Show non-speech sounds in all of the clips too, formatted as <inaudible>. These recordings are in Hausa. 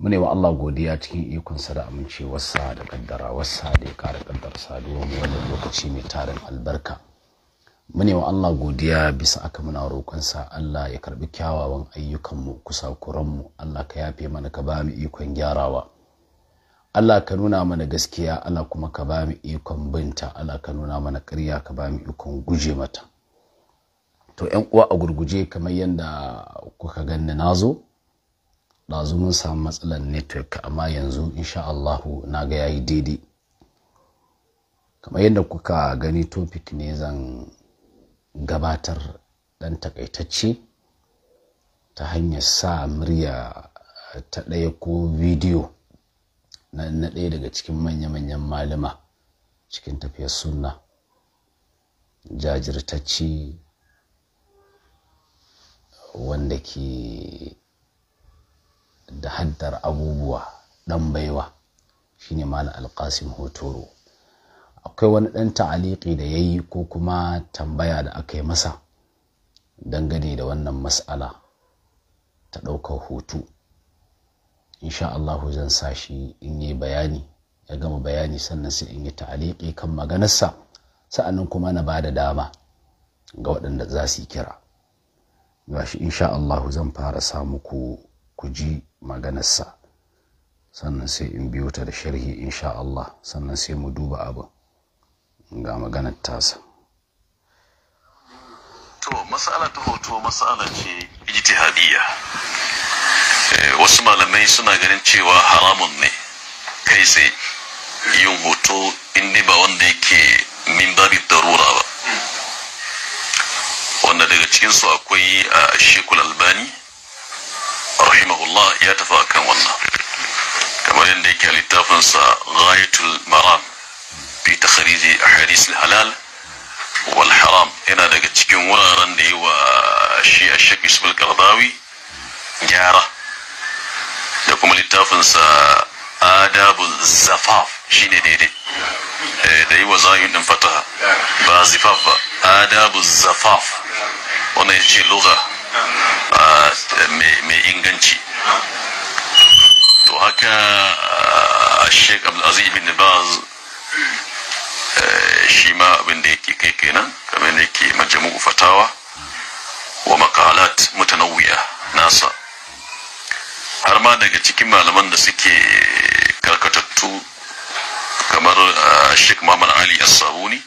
mune wa Allah godiya cikin ikonsa da amincewarsa da kaddara wasa da ya kara kaddar saduwa wannan lokaci mai tarin albarka mune wa Allah godiya bisa aka muna roƙonsa Allah ya karbi kyawawan ayyukanmu mu Allah ka yafe mana ka ba mu ikon gyarawa Allah ka nuna mana gaskiya Allah kuma ka ba mu ikon binta Allah ka nuna mana ƙarya ka ba mu ikon guje mata to 'yan uwa a gurguje kamar yadda kuka ganni na zo ɗazu mun samu matsalar network amma yanzu insha Allahu na ga yayi daidai kamar yadda kuka gani topic ne zan gabatar ɗan takaitacce ta hanyar sa murya ta ɗaya ko bidiyo na ɗaya daga cikin manya-manyan malama cikin tafiyar sunna jajirtacce wanda ke da haddar abubuwa ɗan baiwa shine malam alkasim hotoro akwai wani ɗan ta'aliki da ya yi ko kuma tambaya da aka yi masa dangane da wannan mas'ala ta ɗaukar hoto insha Allahu zan sa shi in yi bayani ya gama bayani sannan sai in yi ta'aliki kan maganarsa sa'annan kuma na ba da dama ga waɗanda za su yi kira gashi insha Allahu zan fara samu muku ku ji maganarsa sannan sai in biyo ta da sharhi insha Allah sannan sai mu duba abin ga maganar tasa to mas'ala ta hoto mas'ala ce ijtihadiyya eh, wasu malamai suna ganin cewa haramun ne kai sai yin hoto in ba wanda yake min babi darura ba wanda daga cikinsu akwai a ah, shekul albani rahimahullah ya tafi akan wannan kamar yadda yake a littafinsa ghayatul maram fi a ahadith halal wal haram yana daga cikin wuraren da yi wa shi a shek ismail kardawi gyara da kuma littafinsa adabul zafaf shine daidai eh, da yi wa zayin din fataha ba zifaf ba Adabu zafaf wannan ya ce Ah, mai inganci to haka ah, sheik abdulaziz bin baz eh, shi ma abin da yake kai kenan kamar da yake majamu fatawa wa makalat wuya nasa har ma daga cikin malaman da suke karkatattu kamar ah, sheik mamman ali as-sabuni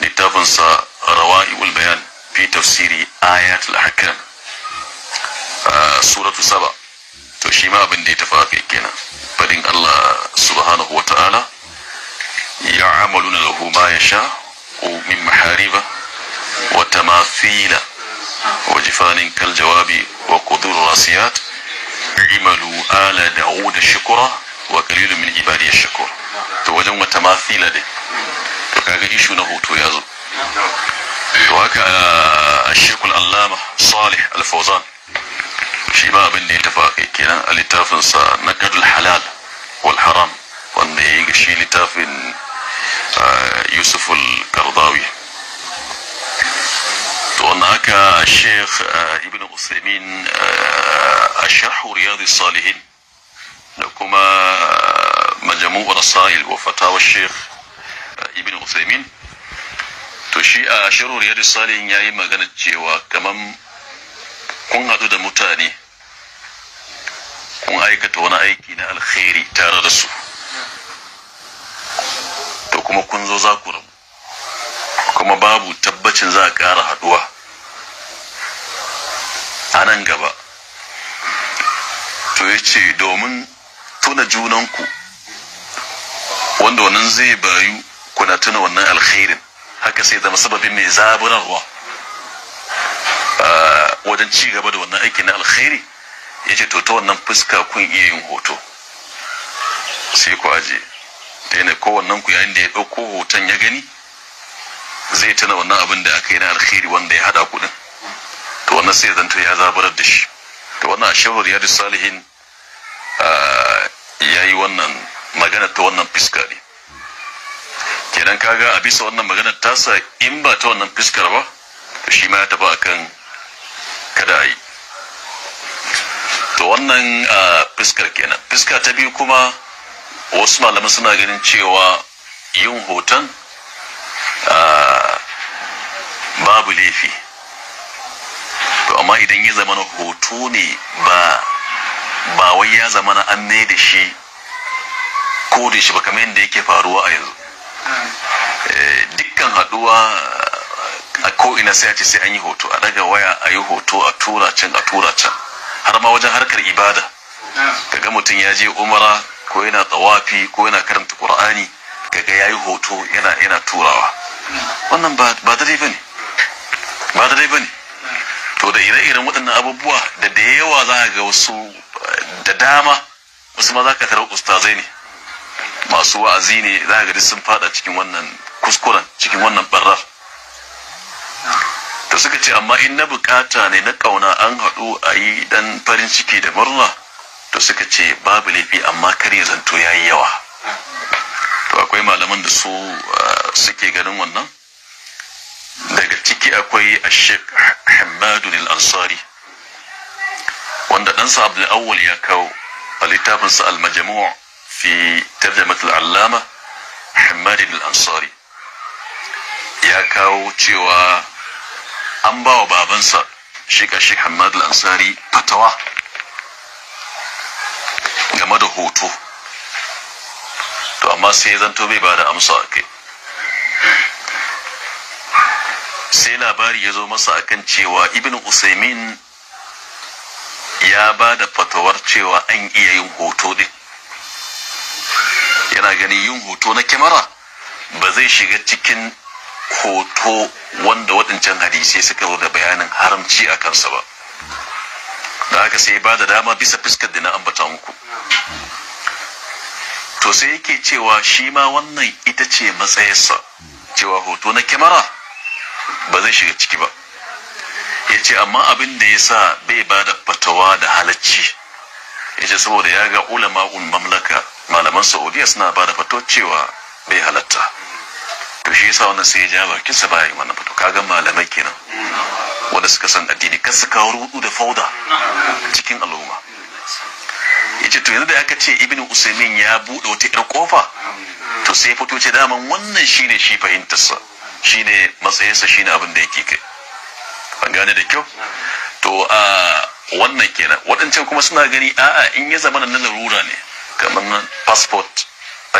littafinsa rawa'iul bayan في تفسير آيات الأحكام آه، سورة سبا تشيما بن دي فلن الله سبحانه وتعالى يعملون له ما يشاء ومن محاربة وتماثيل وجفان كالجواب وقدور الراسيات عملوا آل داود شكرا وقليل من عبادي الشكر توجم تماثيل دي كاغيشو نهو تويازو وهكا آه، الشيخ الألامة صالح الفوزان شيبا بني تفاقي كنا اللي تافن سا نقد الحلال والحرام واني شي اللي تافن آه، يوسف القرضاوي هناك الشيخ آه، ابن عثيمين الشرح رياض الصالحين لكما مجموع رسائل وفتاوى الشيخ ابن عثيمين to shi a shirin yadda salihin ya yi magana cewa kaman kun haɗu da mutane kun aikata wani aiki na alkhairi tare da su to kuma kun zo za ku rabu kuma babu tabbacin za a ƙara haɗuwa a nan gaba to ya ce domin tuna junanku wanda wannan zai bayu kuna tuna wannan alkhairin haka sai zama sababin mai zaburarwa ah, wajen ci gaba da wannan aiki na alkhairi ya ce to ta wannan fuska kun iya yin hoto sai ku aje da yana kowannan ku yayin da ya ɗauko hoton ya gani zai tana wannan abin da aka yi na alkhairi wanda ya haɗa kuɗin to wannan sai zanto ya zaburar da shi to wannan shawar ya salihin ah, ya yi wannan magana ta wannan fuska ne kenan kaga a bisa wannan ta sa in ba ta wannan fiskar ba to shi ma ya taba akan kada yi to wannan fiskar kenan fiska ta biyu kuma wasu malaman suna ganin cewa yin hoton babu laifi to amma idan ya zama hoto ne ba ba wai ya zama an ne da shi ko da shi ba kamar yadda yake faruwa a yanzu Eh, dukkan haduwa a ko'ina sai a ce sai an yi hoto a daga waya a yi hoto a tura can a tura can har ma wajen harkar ibada kaga mutum ya je umara ko yana tsawafi ko yana karanta qur'ani kaga ya yi hoto yana yana turawa wannan ba da ba ne ba da ba ne to da ire-iren waɗannan abubuwa da da yawa za ga wasu eh, da dama wasu ma za ka tarar ustazai ne masu wa'azi ne za ga sun fada cikin wannan kuskuren cikin wannan barrar to suka ce amma in na bukata ne na kauna an haɗu a yi dan farin ciki da murna to suka ce babu laifi amma kar ya zanto ya yi yawa to akwai malaman da su ah, suke ganin wannan daga ciki akwai ashek hamadun al-ansari wanda ɗansa abdul awwal ya kawo a littafinsa al majamua fi tarjamat al'allama hamadin ya kawo cewa an bawa wa babansa shi kashi hamad al'ansari fatawa game da hoto to amma sai ya zanto bai ba da amsa a kai sai labari ya zo masa akan cewa ibn usaimin ya ba da fatawar cewa an iya yin hoto din gani yin hoto na kyamara ba zai shiga cikin hoto wanda waɗancan hadisai suka zo da bayanin haramci a kansa ba da haka sai ba da dama bisa fuskar da na ambata muku to sai yake cewa shi ma wannan ita ce matsayarsa cewa hoto na kyamara ba zai shiga ciki ba ya ce amma abin da ya sa bai ba da fatawa da halacci ya ce saboda ya ga ulama'un mamlaka malaman saudiya suna ba da fito cewa bai halatta to shi yasa wannan sai ya ja bakin sa bayan wannan fito kaga malamai kenan wanda suka san addini kan su kawo rudu da fauda cikin al'umma yace to yanzu da aka ce ibnu usaimin ya bude wata yar kofa to sai fito ce daman wannan shine shi fahimtar sa shine matsayinsa shine abin da yake kai an gane da kyau to a wannan kenan waɗancan kuma suna gani a'a in ya zama nan larura ne kamar passport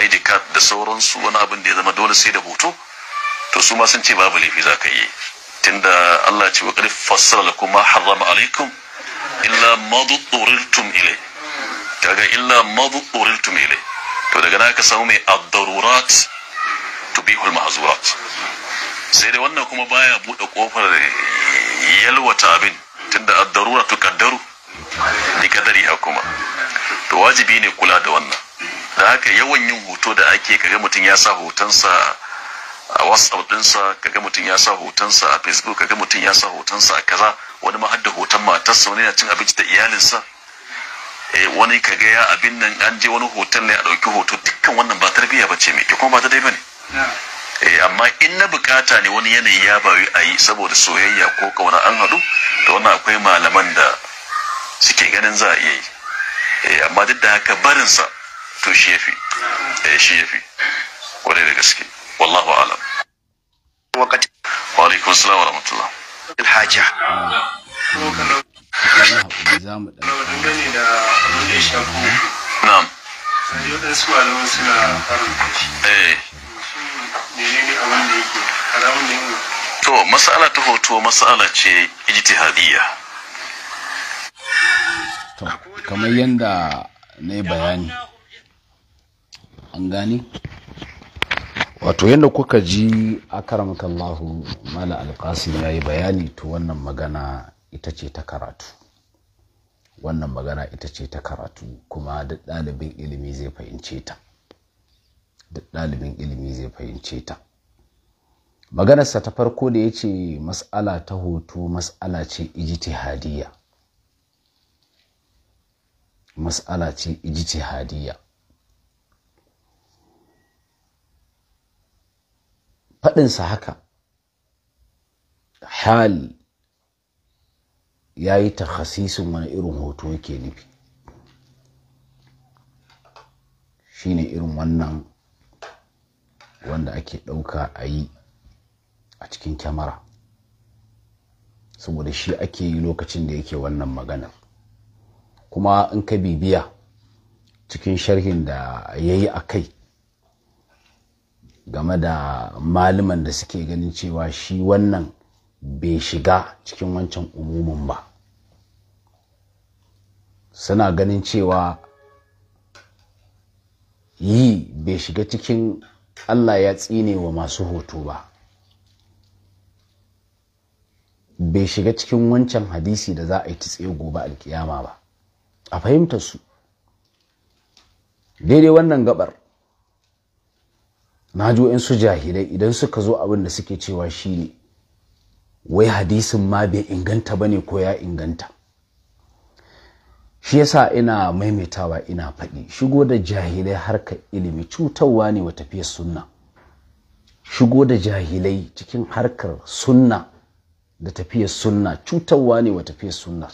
id card da sauransu wani abin da ya zama dole sai da hoto to su ma sun ce babu laifi za ka yi tunda Allah ce wa qad fassala kuma harrama alaikum illa ma dhurirtum ilay daga illa ma dhurirtum ilay to daga naka samu mai ad-darurat tubihul mahzurat sai dai wannan kuma baya bude kofar yalwata abin tunda ad-darura ni bi kadariha kuma to wajibi ne kula da wannan da haka yawan yin hoto da ake kaga mutum ya sa hotonsa a whatsapp dinsa kaga mutum ya sa hotonsa a facebook kaga mutum ya sa hotonsa a kaza wani ma hadda hoton matarsa wani yana cin abinci da iyalinsa eh, wani kaga ya abin nan an je wani hoton ne a ɗauki hoto dukkan wannan ba tarbiyya ba ce mai kuma ba ta dai ba ne eh, amma in na bukata ne wani yanayi ya bayu a yi saboda soyayya ko kauna an haɗu da wannan akwai malaman da suke ganin za a iya yi Eh, amma duk da haka barinsa to shi yafi eh, shi yafi kwarai da gaske wallahu alam wakati wa alaikum assalam wa rahmatullah alhaja za mu da na'am eh. to mas'ala ta hoto mas'ala ce ijtihadiyya kamar yadda na yi bayani an gani? wato yadda kuka ji akaramakallahu mala alkasim ya yi bayani to wannan magana ita ce ta karatu wannan magana ita ce ta karatu kuma duk ɗalibin ilimi zai fahimce ta duk ɗalibin ilimi zai fahimce ta maganarsa ta farko da ya ce mas'ala ta hoto mas'ala ce ijtihadiyya mas'ala ce ijtihadiyya faɗinsa haka hali ya yi takhasisin wani irin hoto yake nufi shine irin wannan wanda ake ɗauka a yi a cikin kyamara saboda shi ake yi lokacin da yake wannan maganar kuma in ka bibiya cikin sharhin da ya yi a kai game da maliman da suke ganin cewa shi wannan bai shiga cikin wancan umumin ba suna ganin cewa yi bai shiga cikin allah ya tsine wa masu hoto ba bai shiga cikin wancan hadisi da za a yi ta tsaye gobe alkiyama ba a fahimtar su daidai wannan gabar na ji in su jahilai idan suka zo abin da suke cewa shine wai hadisin ma bai inganta ba ne ko ya inganta shi yasa ina maimaitawa ina faɗi shigo da jahilai harkar ilimi cutarwa ne wa tafiyar sunna shigo da jahilai cikin harkar sunna da tafiyar sunna cutarwa ne wa tafiyar sunnar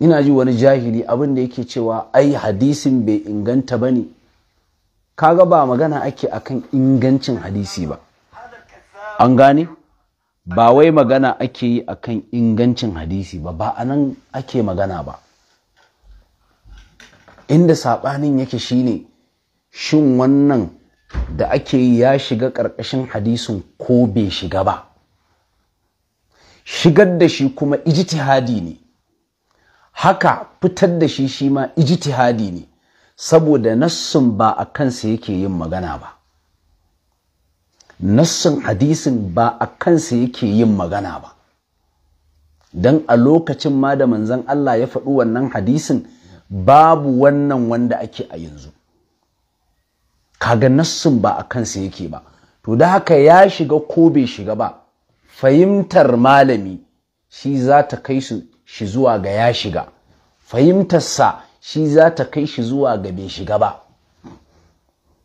ina ji wani jahili abin da yake cewa ai hadisin bai inganta ba ne kaga ba magana ake akan ingancin hadisi ba an gane ba wai magana ake yi akan ingancin hadisi ba ba a nan ake magana ba inda saɓanin yake shine shin wannan da ake yi ya shiga ƙarƙashin hadisin ko bai shiga ba shigar da shi kuma ijtihadi ne haka fitar da shi shi ma ijtihadi ne saboda nassun ba a kansa yake yin magana ba nassin hadisin ba a kansa yake yin magana ba don a lokacin ma da manzan Allah ya faɗi wannan hadisin babu wannan wanda ake a yanzu kaga nassun ba a kansa yake ba to da haka ya shiga ko bai shiga ba fahimtar malami shi za ta kai su shi zuwa ga ya shiga fahimtarsa shi za ta kai shi zuwa ga bai shiga ba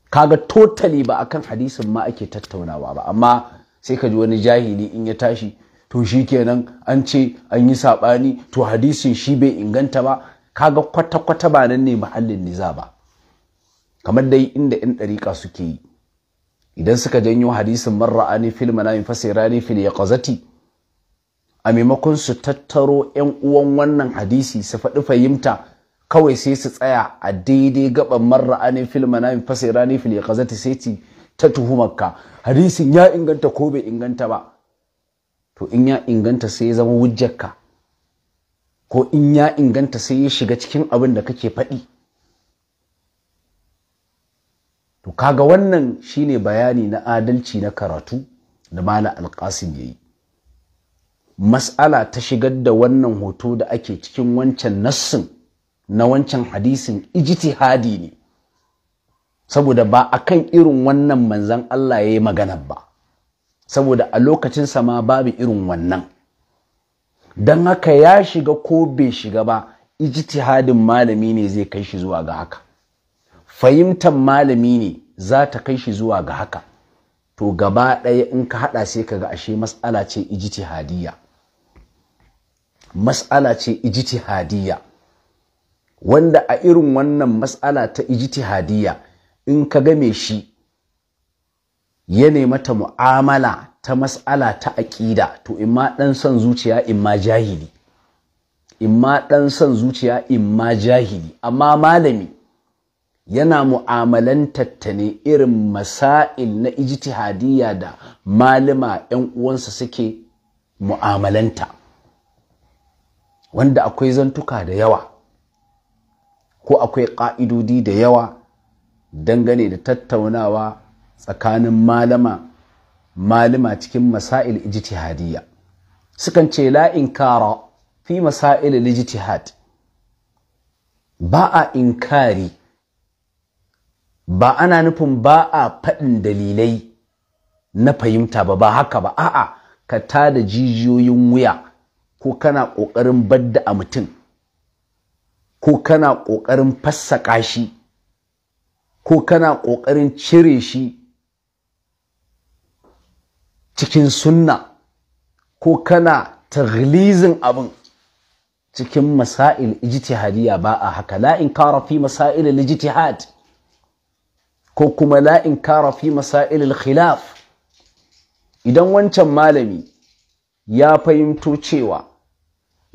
kaga totali ba akan hadisin ma ake tattaunawa ba amma sai ka ji wani jahili in ya tashi to shi kenan an ce an yi saɓani to hadisin shi bai inganta ba kaga kwata-kwata ba nan ne mahallin niza ba kamar dai inda 'yan ɗariƙa suke yi idan suka janyo hadisin marra ani fil manami fasirani fil yaqazati a maimakon su tattaro 'yan uwan wannan hadisi su faɗi fahimta kawai sai su tsaya a daidai gaban marra anin fil manami fasira rani fil yaqazati sai ta tuhumarka hadisin ya inganta ko bai inganta ba to in ya inganta sai ya zama hujjarka ko in ya inganta sai ya shiga cikin abin da kake faɗi to kaga wannan shine bayani na adalci na karatu da mala alƙasim ya yi mas'ala ta shigar da wannan hoto da ake cikin wancan nassin na wancan hadisin ijtihadi ne saboda ba a kan irin wannan manzan Allah ya yi magana ba saboda a lokacinsa ma babu irin wannan don haka ya shiga ko bai shiga ba ijtihadin malami ne zai kai shi zuwa ga haka fahimtar malami ne za ta kai shi zuwa ga haka to gaba ɗaya in ka haɗa sai ka ga ashe matsala ce ijtihadiyya mas'ala ce ijtihadiyya wanda a irin wannan mas'ala ta ijtihadiyya in ka game shi ya mata mu'amala ta mas'ala ta aƙida to imma ɗan son zuciya imma jahili imma ɗan son zuciya imma jahili amma malami yana mu'amalanta ta ne irin masail na ijtihadiyya da malama 'yan uwansa suke mu'amalanta wanda akwai zantuka da yawa ko akwai ƙa'idodi da yawa dangane da tattaunawa tsakanin malama malama cikin masail ijtihadiyya sukan ce la kara fi masail ijtihad ba a inkari ba ana nufin ba a faɗin dalilai na fahimta ba ba haka ba a'a ka tada jijiyoyin wuya ko kana ƙoƙarin badda a mutum ko kana ƙoƙarin fassaƙa shi ko kana ƙoƙarin cire shi cikin sunna ko kana taglizin abin cikin masail ijtihadiyya ba a haka la kara fi masail ijtihad ko kuma la'in kara fi masail khilaf idan wancan malami ya fahimto cewa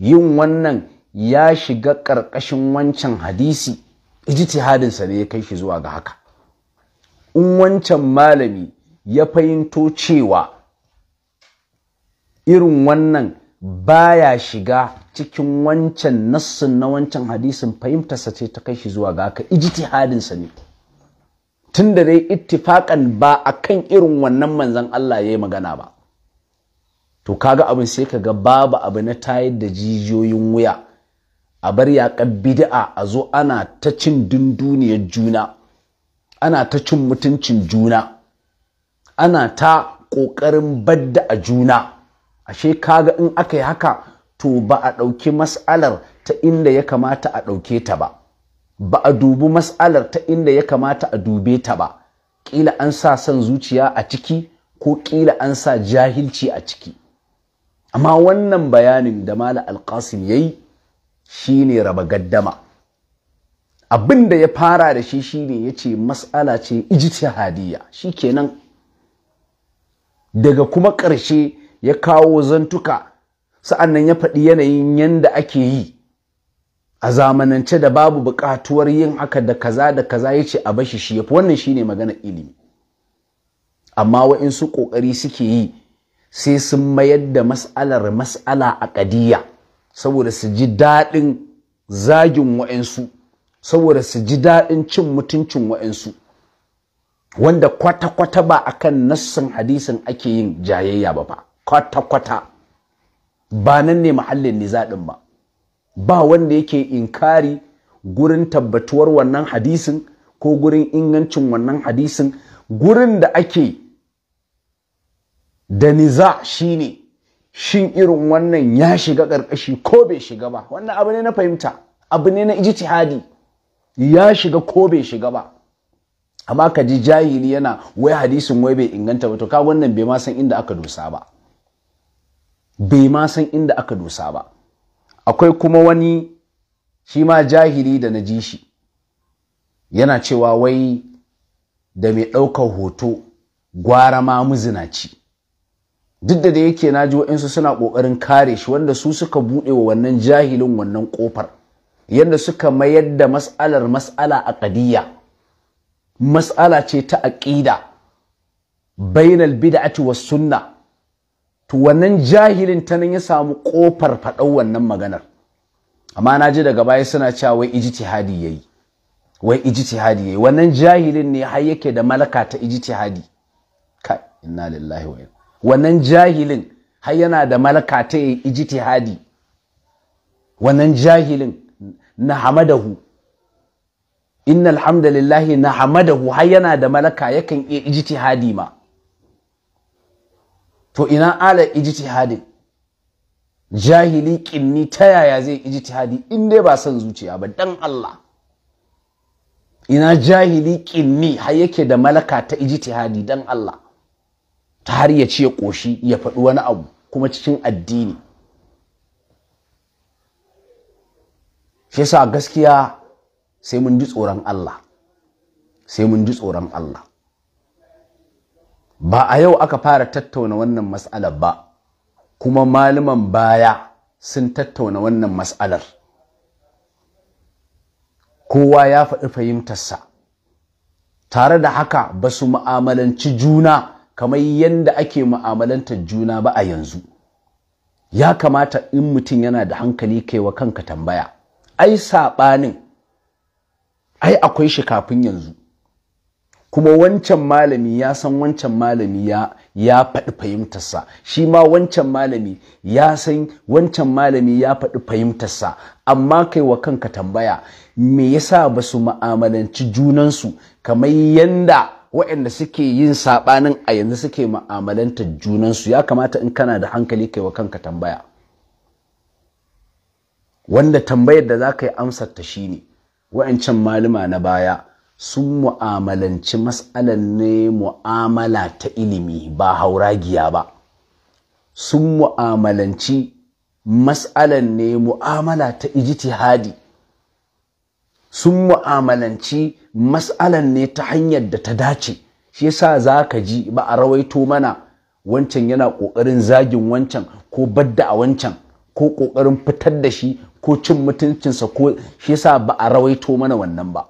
yin wannan ya shiga ƙarƙashin wancan hadisi ijtihadinsa ne ya kai shi zuwa ga haka in wancan malami ya fahimto cewa irin wannan baya shiga cikin wancan nassin na wancan hadisin fahimtarsa ce ta kai shi zuwa ga haka ijtihadinsa ne tunda dai ittifakan ba a kan irin wannan manzon Allah ya yi magana ba to kaga abin sai ka ga babu abu na tayar da jijiyoyin wuya a bar yaƙar bid'a a zo ana ta cin dunduniyar juna ana ta cin mutuncin juna ana ta ƙoƙarin badda a juna ashe kaga in aka yi haka to ba a ɗauki mas'alar ta inda ya kamata a ɗauke ta ba ba a dubi mas'alar ta inda ya kamata a dube ta ba ƙila an sa son zuciya a ciki ko ƙila an sa jahilci a ciki amma wannan bayanin da mala alkasim ya yi shi ne raba gaddama abin da ya fara da shi shi ne ya ce matsala ce ijtihadiyya shi kenan daga kuma ƙarshe ya kawo zantuka sa'annan ya faɗi yanayin yanda ake yi a zamanance da babu buƙatuwar yin haka da kaza da kaza ya ce a bashi shi yafi wannan shine maganar ilimi amma wa'insu ƙoƙari suke yi sai sun mayar da mas'alar mas'ala a kadiyya saboda su ji daɗin zagin wa'insu saboda su ji daɗin cin mutuncin wa'insu wanda kwata-kwata ba a kan nassin hadisin ake yin jayayya ba ba kwata-kwata ba nan ne mahallin nizaɗin ba ba wanda yake inkari gurin tabbatuwar wannan hadisin ko gurin ingancin wannan hadisin gurin da ake da niza shine shin irin wannan ya shiga ƙarƙashi ko bai shiga ba wannan abu ne na fahimta abu ne na ijtihadi ya shiga ko bai shiga ba amma ka ji jahili yana wai hadisin wai bai inganta ba to ka wannan bai ma san inda aka dosa ba bai ma san inda aka dosa ba akwai kuma wani shi ma jahili da na ji shi yana cewa wai da mai ɗaukar hoto gwara ma muzinaci duk da da yake na ji wa'insu suna ƙoƙarin kare shi wanda su suka buɗe wa wannan jahilin wannan ƙofar yadda suka mayar da mas'alar mas'ala a ƙadiyya mas'ala ce ta aƙida bainal bid'ati was sunna to wannan jahilin ta nan ya samu ƙofar faɗau wannan maganar amma na ji daga baya suna cewa wai ijtihadi yayi wai ijtihadi yayi wannan jahilin ne har yake da malaka ta ijtihadi kai inna lillahi wa inna wannan jahilin har yana da malaka ta yi ijtihadi wannan jahilin na hamadahu innal hamdalillahi na hamadahu har yana da malaka yakan iya ijtihadi ma to ina ala ijtihadin jahili kinni ta yaya zai ijtihadi in dai ba son zuciya ba dan Allah ina jahili kinni har yake da malaka ta ijtihadi dan Allah har ya ce ƙoshi ya faɗi wani abu kuma cikin addini shi sa gaskiya sai mun ji tsoron Allah sai mun ji tsoron Allah ba a yau aka fara tattauna wannan mas'alar ba kuma malaman baya sun tattauna wannan mas'alar kowa ya faɗi fahimtarsa tare da haka ba su mu'amalanci juna kamar yadda ake ma'amalanta juna ba a yanzu ya kamata in mutum yana da hankali kaiwa kanka tambaya ai saɓanin ai akwai shi kafin yanzu kuma wancan malami ya san wancan malami ya ya faɗi fahimtarsa shi ma wancan malami ya san wancan malami ya faɗi fahimtarsa amma kai wa kanka tambaya me yasa ba su ma'amalanci junansu kamar yanda waɗanda suke yin saɓanin a yanzu suke ma'amalanta junansu ya kamata in kana da hankali kai wa kanka tambaya wanda tambayar da za ka yi amsar ta ne, wa'ancan malama na baya sun mu'amalanci matsalar ne mu'amala ta ilimi ba hauragiya ba sun mu'amalanci matsalar ne mu'amala ta ijtihadi sun mu'amalanci mas'alan ne ta hanyar da ta dace shi yasa za ka ji ba a rawaito mana wancan yana ƙoƙarin zagin wancan ko badda a wancan ko ƙoƙarin fitar da shi ko cin mutuncinsa ko shi yasa ba a rawaito mana wannan ba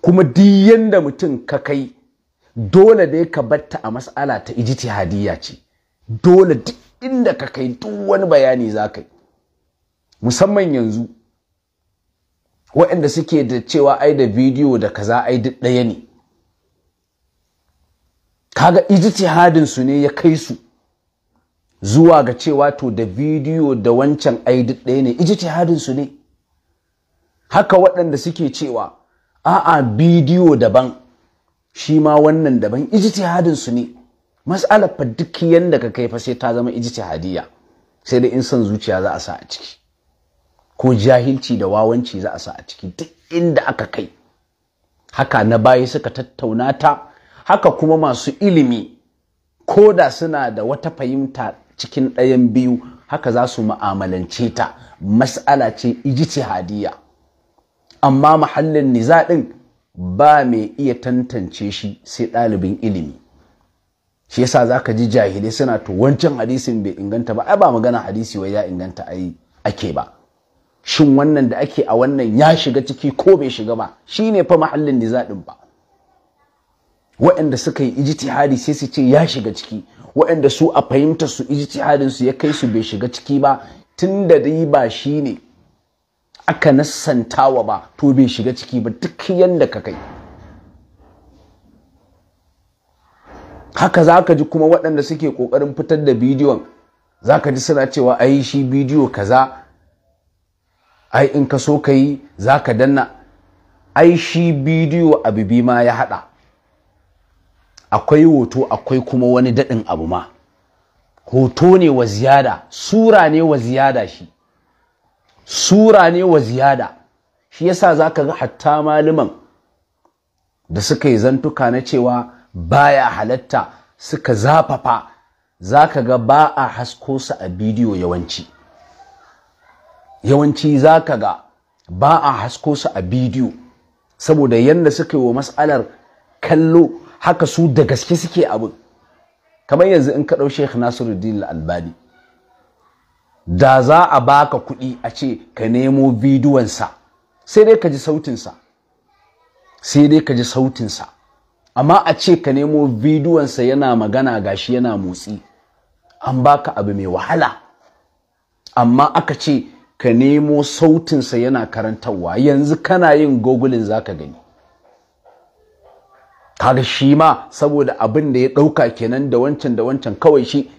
kuma duk yanda mutum ka kai dole dai ka batta a mas'ala ta ijtihadiyya ce dole duk inda ka kai duk wani bayani za ka yi musamman yanzu waɗanda suke da cewa ai da bidiyo da kaza ai duk ɗaya ne kaga ijtihadin su ne ya kai su zuwa ga cewa to da bidiyo da wancan ai duk ɗaya ne ijtihadin su ne haka waɗanda suke cewa a'a bidiyo daban shi ma wannan daban ijtihadin su ne mas'alar fa duk yanda ka kai fa sai ta zama ijtihadiyya sai da in son zuciya za a sa a ciki ko jahilci da wawanci za a sa a ciki duk inda aka kai haka na baya suka tattauna ta haka kuma masu ilimi ko da suna da wata fahimta cikin ɗayan biyu haka za su ma'amalance ta mas'ala ce hadiya amma mahallin nizaɗin ba mai iya tantance shi sai ɗalibin ilimi shi yasa ka ji jahilai suna to wancan hadisin bai inganta ba ai ba magana hadisi wai ya inganta ai ake ba shin wannan da ake a wannan ya shiga ciki ko bai shiga ba shi ne fa mahallin nizaɗin ba waɗanda suka yi ijtihadi sai su ce ya shiga ciki waɗanda su a fahimtar su ijtihadin su ya kai su bai shiga ciki ba tun da dai ba shi ne aka nassantawa ba to bai shiga ciki ba duk yanda ka kai haka za ka ji kuma waɗanda suke ƙoƙarin fitar da bidiyon za ka ji suna cewa a yi shi bidiyo kaza ai in ka so ka yi za ka danna ai shi bidiyo abu bi ma ya haɗa akwai hoto akwai kuma wani daɗin abu ma hoto ne wa ziyada sura ne wa ziyada shi sura ne wa ziyada shi yasa za ka ga hatta maliman da suka yi zantuka na cewa baya halatta suka zafafa za ka ga ba a hasko su a bidiyo yawanci yawanci za ka ga ba a hasko su a bidiyo saboda yadda suka yi wa matsalar kallo haka su da gaske suke abin kamar yanzu in ka ɗau Nasiru nasiruddin albani da za a baka kuɗi a ce ka nemo bidiyonsa sai dai ka ji sautinsa sai dai ka ji sautinsa amma a ce ka nemo bidiyonsa yana magana gashi yana motsi an baka abu mai wahala amma aka ce ka nemo sautinsa yana karantarwa yanzu kana yin gogulin za ka gani kaga shi ma saboda abin da ya ɗauka kenan da wancan da wancan kawai shi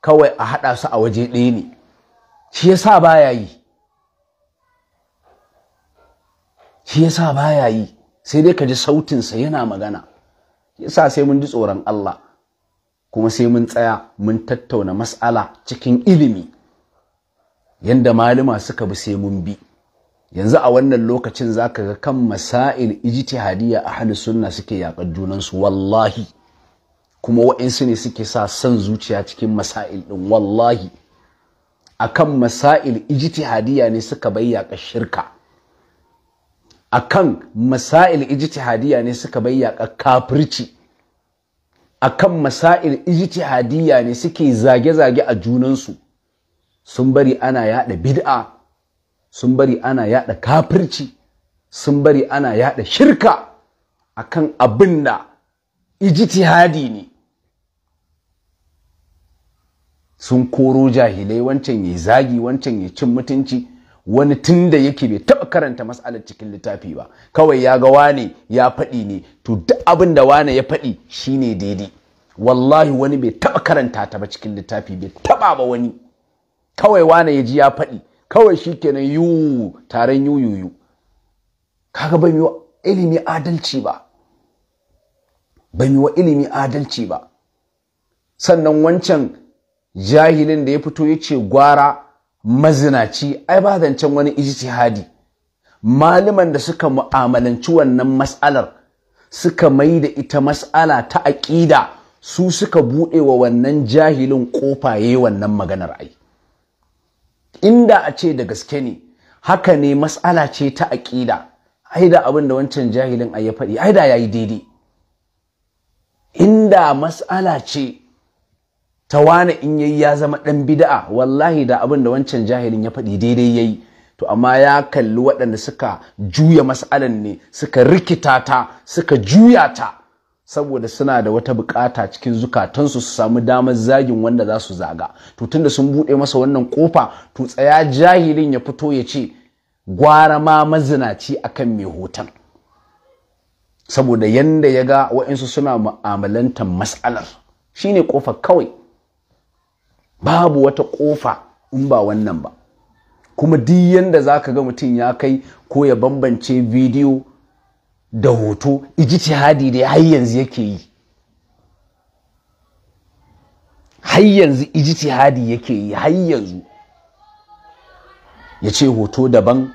kawai a haɗa su a waje ɗaya ne shi ya sa baya yi shi ya sa baya yi sai dai ka ji sautinsa yana magana yasa sai mun ji tsoron Allah kuma sai mun tsaya mun tattauna mas'ala cikin ilimi yanda malama suka bi sai mun bi yanzu a wannan lokacin za ka ga kan masail ijtihadiyya hannun sunna suke yaƙar junansu wallahi kuma wa'insu ne suke sa son zuciya cikin masail ɗin wallahi a kan masail ijtihadiyya ne suka yaƙa shirka a kan masail ijtihadiyya ne suka yaƙa kafirci kan masail ijtihadiyya ne suke zage-zage a junansu sun bari ana yaɗa bid'a sun bari ana yaɗa kafirci sun bari ana yaɗa shirka akan abin da ijtihadi ne sun koro jahilai wancan ya zagi wancan ya cin mutunci wani tun da yake bai taɓa karanta matsalar cikin littafi ba kawai ya ga wane ya faɗi ne to duk abin da wane ya faɗi shine daidai wallahi wani bai taɓa karanta ta ba cikin littafi bai taɓa ba wani kawai wane ya ji ya faɗi kawai shi kenan yu taron yuyuyu kaga yi wa ilimi adalci ba yi wa ilimi adalci ba sannan wancan jahilin da ya fito ya ce gwara mazinaci ai ba zancen wani ijtihadi maliman da suka mu'amalanci wannan mas'alar suka mai da ita mas'ala ta aƙida su suka buɗe wa wannan jahilin ƙofaye wannan maganar ai inda a ce da gaske ne haka ne matsala ce ta aƙida ai da abin da wancan jahilin a ya faɗi ai da ya yi daidai inda matsala ce ta wane in yayi ya zama ɗan bida'a wallahi da abin da wancan jahilin ya faɗi daidai yayi to amma ya kalli waɗanda suka juya mas'alan ne suka rikita ta suka juya ta saboda suna da wata bukata cikin zukatansu su samu damar zagin wanda za su zaga to tunda sun bude masa wannan kofa to tsaya jahilin ya fito ya ce gwara ma mazinaci akan mai hoton saboda yanda ya ga wa'insu suna mu'amalantar mas'alar shine kofa kawai babu wata kofa in ba wannan ba kuma duk yanda za ka ga mutum ya kai ko ya bambance bidiyo da hoto hadi da har yanzu yake yi har yanzu hadi yake yi har yanzu ya ce hoto daban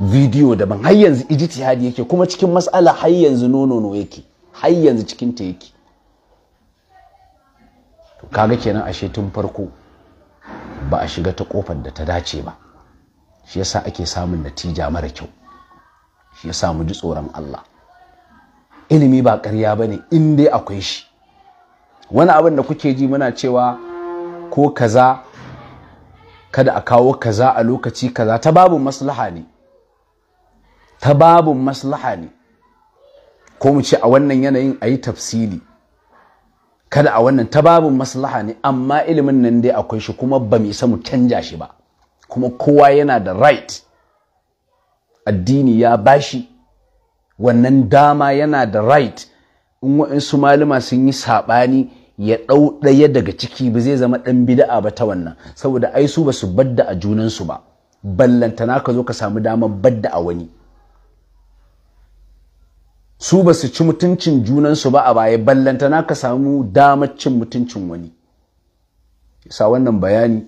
video daban har yanzu hadi yake kuma cikin matsala har yanzu nonono yake har yanzu cikin ta yake to kaga kenan ashe tun farko ba a shiga ta kofar da ta dace ba shi yasa ake samun natija mara kyau Ya samu mu ji tsoron Allah ilimi ba ƙarya bane in dai akwai shi wani abin da kuke ji muna cewa ko kaza kada a kawo kaza a lokaci kaza ta babu maslaha ne ta babu maslaha ne ko mu ce a wannan yanayin a yi tafsili kada a wannan ta babu maslaha ne amma ilimin nan dai akwai shi kuma ba mu isa mu canja shi ba kuma kowa yana da right addini ya bashi wannan dama yana da right in waɗansu malama sun yi saɓani ya ɗau ɗaya daga ciki ba zai zama ɗan bida'a ba ta wannan saboda ai su ba su badda a junansu ba ballantana ka zo ka samu damar badda a wani su ba su ci mutuncin junansu ba a baya ballantana ka samu damar cin mutuncin wani sa wannan bayani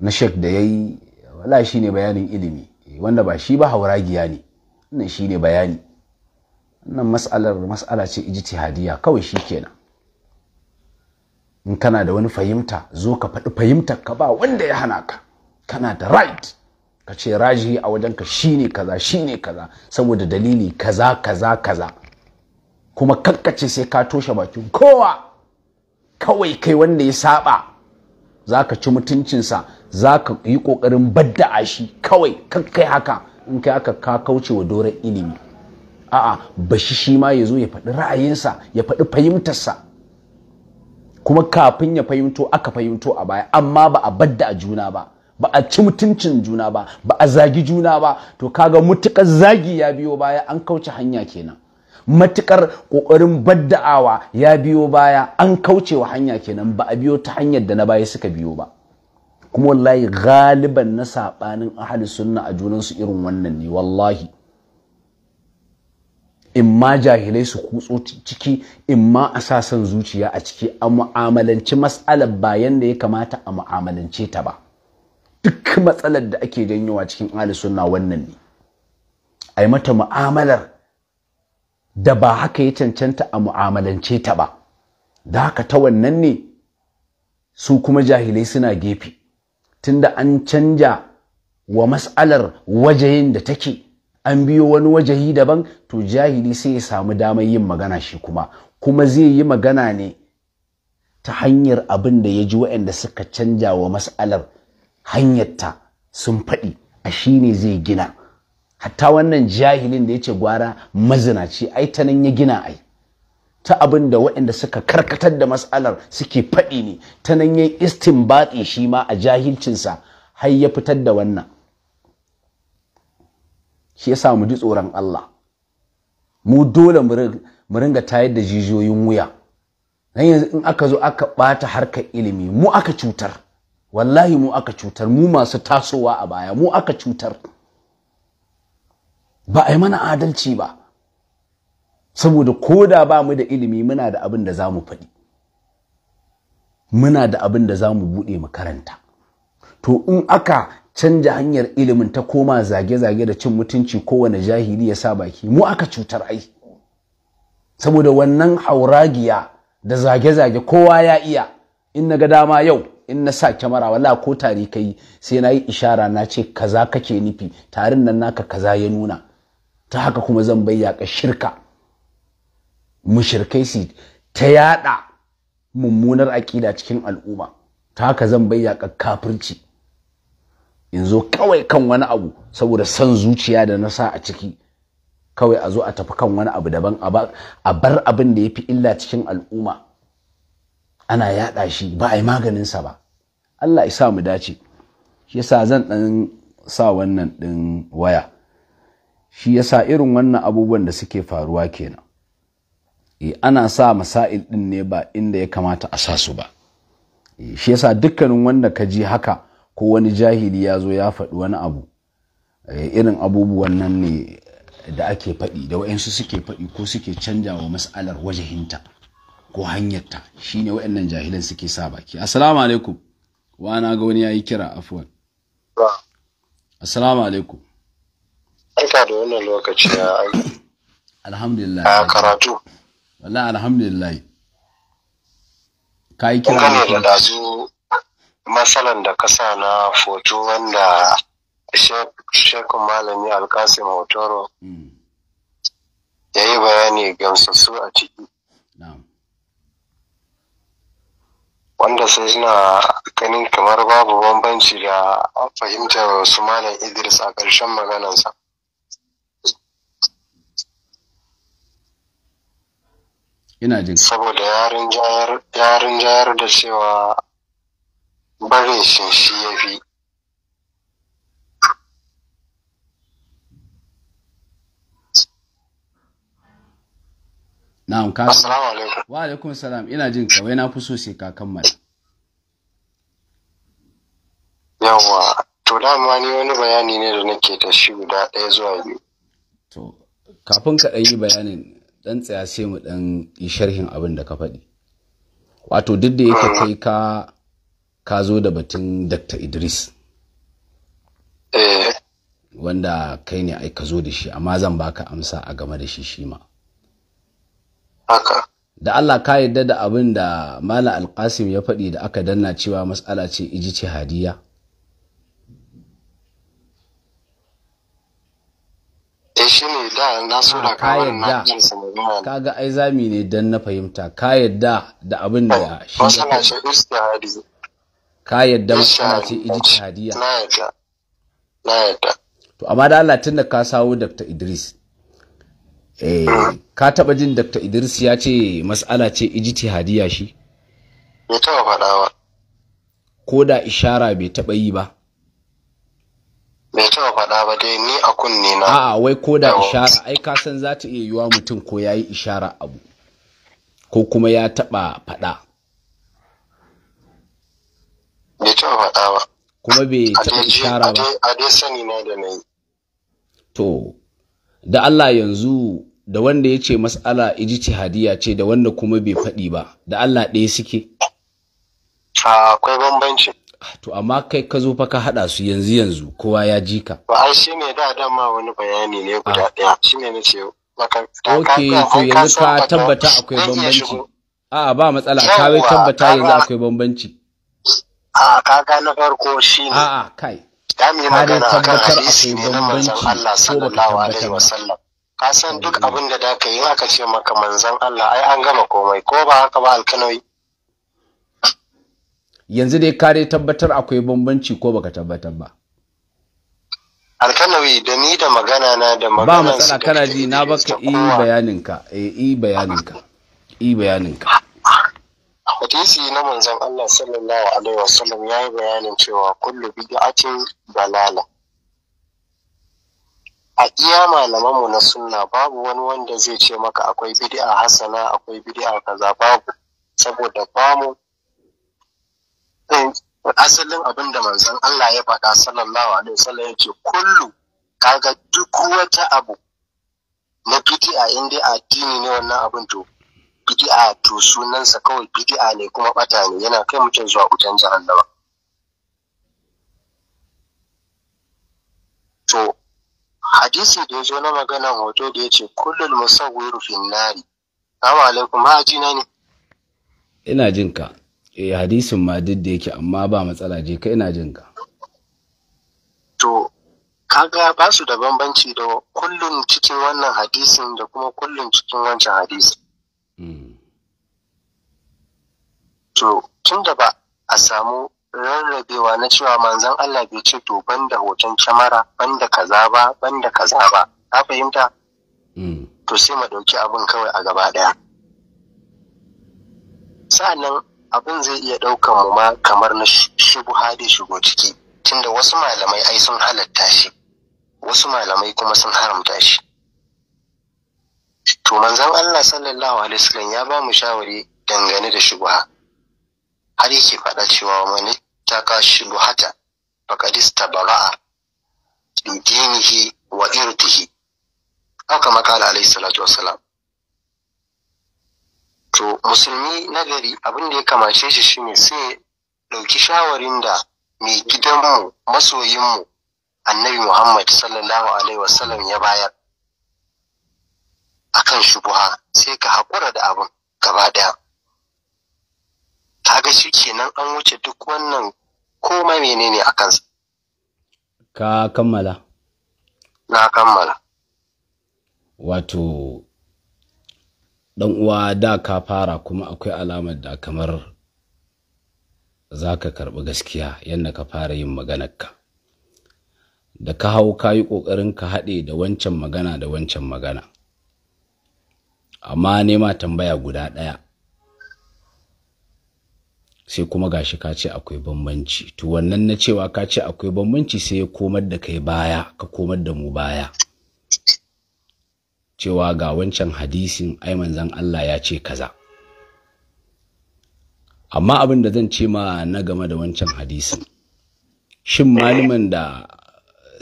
na shek da ya yi wala shi ne bayanin ilimi wanda ba shi ba hauragiya ne wannan shi ne bayani wannan mas'alar mas'ala ce ijtihadiyya kawai shi kenan in kana da wani fahimta zo ka faɗi fahimtar ka ba wanda ya hana ka kana da right ka ce raji a wajen shi ne kaza shi ne kaza saboda dalili kaza kaza kaza kuma kankace sai ka toshe bakin kowa kawai kai wanda ya saba za ka ci mutuncinsa za ka yi ƙoƙarin badda'a shi kawai kai haka in kai haka ka kauce wa doron ilimi a'a bashi shi ma ya zo ya faɗi ra'ayinsa ya faɗi fahimtarsa kuma kafin ya fahimto aka fahimto a baya amma ba a badda a juna ba ba a ci mutuncin juna ba ba a zagi juna ba to kaga mutukar zagi ya biyo baya an kauce hanya kenan matukar ƙoƙarin badda'awa ya biyo baya an kauce wa hanya kenan ba a biyo ta hanyar da na baya suka biyo ba kuma wallahi galiban na saɓanin ahli sunna a junansu irin wannan ne wallahi in ma jahilai su kutso ciki in ma a sa son zuciya a ciki a mu'amalanci matsalar bayan da ya kamata a mu'amalance ta ba duk matsalar da ake janyowa cikin ahli sunna wannan ne a yi mata mu'amalar da ba haka ya cancanta a mu'amalance ta ba da haka ta wannan ne su kuma jahilai suna gefe tunda an canja wa mas'alar wajayin da take an biyo wani wajahi daban to jahili sai ya samu damar yin magana shi kuma kuma zai yi magana ne ta hanyar abin da ya ji waɗanda suka canja wa mas'alar hanyarta sun faɗi a shi ne zai gina hatta wannan jahilin da ya ce gwara mazinaci ai ta nan ya gina ai ta abin da waɗanda suka karkatar da matsalar suke faɗi ne ta nan istin istinbati shi ma a jahilcinsa har ya fitar da wannan shi yasa mu ji tsoron Allah mu dole mu ringa tayar da jijiyoyin wuya nan yanzu in aka zo aka ɓata harkar ilimi mu aka cutar wallahi mu aka cutar mu masu tasowa a baya mu aka cutar ba a yi mana adalci ba saboda ko da ba mu da ilimi muna da abin da za mu faɗi muna da abin da za mu buɗe mu karanta to in aka canja hanyar ilimin ta koma zage-zage da cin mutunci kowane jahili ya sa baki mu aka cutar ai saboda wannan hauragiya da zage-zage kowa ya iya in na ga dama yau in na sa kyamara wala ko tare kai sai na yi ishara na ce kaza kake nufi tarin nan naka kaza ya nuna ta haka kuma zan bayyaka ka shirka mushirkai su ta yada mummunar aƙida cikin al'umma ta haka zan bai yaƙar kafirci in zo kawai kan wani abu saboda son zuciya da na sa a ciki kawai a zo a tafi kan wani abu daban a bar abin da ya fi illa cikin al'umma ana yaɗa shi ba a yi maganinsa ba Allah ya sa mu dace shi yasa zan ɗan sa wannan ɗin waya shi yasa irin wannan abubuwan da suke faruwa kenan Eh, ana sa masail din ne ba inda ya kamata a sa su ba eh, shi yasa dukkanin wanda ka ji haka ko wani jahili ya zo ya faɗi wani abu eh, irin abubuwan nan ne da ake faɗi da waɗansu suke faɗi ko suke canja wa mas'alar wajahinta ko hanyarta shine waɗannan jahilan suke sa baki assalamu alaikum wa na ga wani yayi kira afwan assalamu alaikum aika da wannan lokaci ya <coughs> alhamdulillah ah, karatu wallahi alhamdulillah ka yi kira da dazu matsalan da ka sa na foto wanda shekun malami alkasim hotoro hmm. ya yi bayani gamsassu a ciki wanda sai na ganin kamar babu bambanci da fahimtar su malam idris a ƙarshen maganansa ina jin saboda yarin jayar da cewa barin shin shi ya fi Na'am ka Assalamu alaikum. Wa alaikum salam ina jin kawai na fi so sai ka kammala. Yawwa to dama ni wani bayani ne da nake da shi guda ɗaya zuwa biyu. To kafin ka ɗan yi bayanin dan tsaya sai mu dan yi sharhin abin da ka faɗi wato duk da yake kai ka ka zo da batun Dr. Idris eh. wanda kai ne ai ka zo da shi amma zan baka amsa a game da shi shi ma da Allah ka yarda da abin da Malam Alkasim ya faɗi da aka danna cewa matsala ce iji ce hadiya shine da na so da ah, ka yadda ga ai zami ne dan na fahimta ka yadda da abin da ya shi masala ce istihadi ka yadda masala ce ijtihadiyya na yadda yadda to amma da Allah da ka sawo Dr. Idris eh ka taba jin Dr. Idris ya ce masala ce hadiya shi ya taba faɗa ko da ishara bai taba yi ba bai taba faɗa ba dai ni a kunne na a'a wai ko da ishara ai ka san za ta iya yiwa mutum ko yayi ishara abu ko kuma ya taba faɗa bai taba faɗa ba kuma bai taba ishara ba a dai sani na da nayi to da Allah yanzu da wanda ya ce mas'ala iji hadiya ce da wanda kuma bai faɗi ba da Allah ɗaya suke akwai bambanci to amma kai ka zo fa ka haɗa su yanzu yanzu kowa ya ji ka ba ai ne da dama wani bayani ne guda ah. ɗaya ne na ce ok to yanzu ka tabbata akwai bambanci a'a ba matsala ka wai tabbata yanzu akwai bambanci a kaga na farko shine a'a kai ka dai tabbatar akwai bambanci ko baka tabbatar ba ka san duk mm-hmm. abin da da ka yi aka ce maka manzon Allah ai an gama komai ko ba haka ba alkanawi yanzu dai kare tabbatar akwai bambanci ko baka tabbatar ba alkanawi da ni da magana na da magana ba matsala kana ji na baka i bayaninka eh i bayaninka i bayaninka hadisi na manzon Allah sallallahu alaihi wasallam ya yi bayanin cewa kullu bid'atin dalala a iya malamanmu na sunna babu wani wanda zai ce maka akwai bid'a hasana akwai bid'a kaza babu saboda bamu asalin abin da manzon Allah ya faɗa sallallahu alaihi wasallam yake kullu kaga duk wata abu na bid'a in dai addini ne wannan abin to bid'a to sunansa kawai bid'a ne kuma bata ne yana kai mutum zuwa wutan jahannama to hadisi da ya zo na magana hoto da ya ce kullum musawwiru nari assalamu alaikum na ne ina jinka eh hadisin ma duk da yake amma ba matsala je kai ina jin ka to kaga ba su da bambanci da kullum cikin wannan hadisin da kuma kullum cikin wancan hadisin hmm. to tun da ba a samu rarrabewa na cewa manzon Allah bai ce to banda hoton kyamara banda kaza ba banda kaza ba ka fahimta hmm. to sai mu ɗauki abin kawai a gaba ɗaya sa'annan abin zai iya ɗaukan mu ma kamar na shubu hadi shigo ciki tunda wasu malamai ai sun halatta shi wasu malamai kuma sun haramta shi to manzon Allah sallallahu alaihi wasallam ya ba mu shawari dangane da shubha har yake faɗa cewa wani shubu hata faqadista bara'a dinihi wa irtihi haka makala alaihi salatu wasalam to musulmi na gari abin da ya kamace shi shine sai ɗauki shawarin da mai gidanmu masoyinmu annabi muhammad sallallahu alaihi wasallam ya bayar akan shubuha sai ka haƙura da abin gaba ɗaya kaga shi kenan an wuce duk wannan komai menene a kansa ka kammala na kammala wato dan uwa da ka fara kuma akwai alamar da kamar za ka karɓi gaskiya yadda ka fara yin maganarka da ka hau ka yi ƙoƙarin ka haɗe da wancan magana da wancan magana amma nema tambaya guda ɗaya sai kuma gashi ka ce akwai bambanci to wannan na cewa ka ce akwai bambanci sai ya komar da kai baya ka komar da mu baya cewa ga wancan hadisin ai manzan Allah ya ce kaza amma abin da zan ce ma na game da wancan hadisin shin maliman da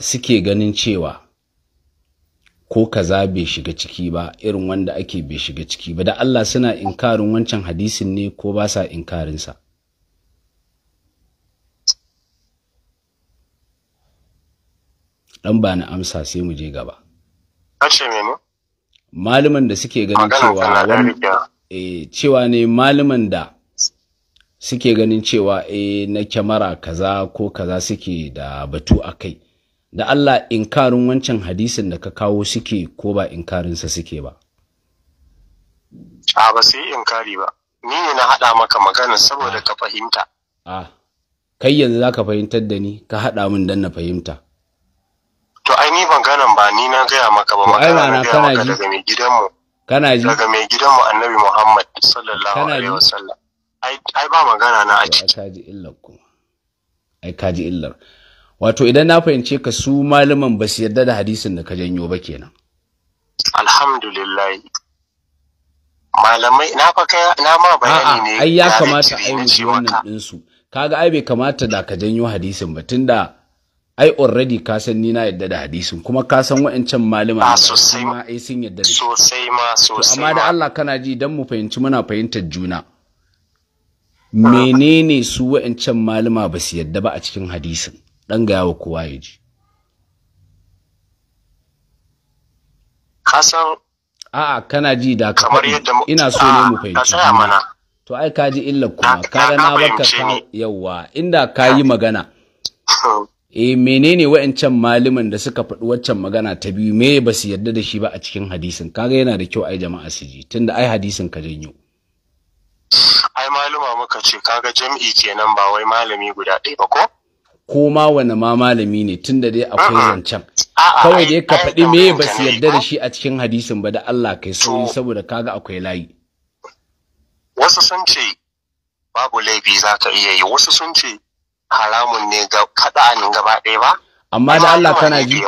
suke ganin cewa ko kaza bai shiga ciki ba irin wanda ake bai shiga ciki ba da Allah suna inkarin wancan hadisin ne ko ba sa inkarinsa ɗan ba na amsa sai mu je gaba. Ashe malaman eh, da suke ganin cewa cewa eh, ne malaman da suke ganin cewa e na kyamara kaza ko kaza suke da batu a kai da Allah inkarin wancan hadisin da ka kawo suke ko ba inkarinsa suke ba a ba su yi inkari ba ni ne na haɗa maka magana saboda ka fahimta a ah, kai yanzu za ka fahimtar da ni ka haɗa min don na fahimta to ai ni maganan ba ni na gaya maka ba magana na gaya maka daga mai gidanmu kana ji daga mai gidanmu annabi Muhammad sallallahu alaihi wasallam ai ai ba magana na a ciki kaji illar ku ai kaji illar wato idan na fahimce ka su malaman ba su yarda da hadisin da ka janyo ba kenan alhamdulillah malamai na fa na ma bayani ne ai ya kamata ai mu ji wannan din su kaga ai bai kamata da ka janyo hadisin ba tunda ai already ka san ni na yadda da hadisin kuma ka san wa'ancan malama ah, sosai ma ai sun yadda da sosai ma sosai amma da Allah kana ji dan mu fahimci muna fahimtar juna ah. menene su wa'ancan malama ba su yadda ba a cikin hadisin dan ga yawa kowa ya ji ka a'a kana ji da ka ina so ne mu ah, fahimci to ai ka ji illa kuma ga na baka ka yawa inda ka yi magana e menene wa'ancan malumin da suka faɗi waccan magana ta biyu me ba su yarda da shi ba a cikin hadisin kaga yana da kyau ai jama'a su ji tunda ai hadisin ka janyo ai maluma muka ce kaga jam'i kenan ba wai malami guda ɗaya ba ko ko ma wani ma malami ne tunda dai akwai zancen kawai dai ka faɗi me ba su yarda da shi a cikin hadisin ba da Allah kai sauri saboda kaga akwai layi wasu sun ce babu laifi za ka iya yi wasu sun ce haramun ne ga kada ne gaba ɗaya ba amma da Allah kana ji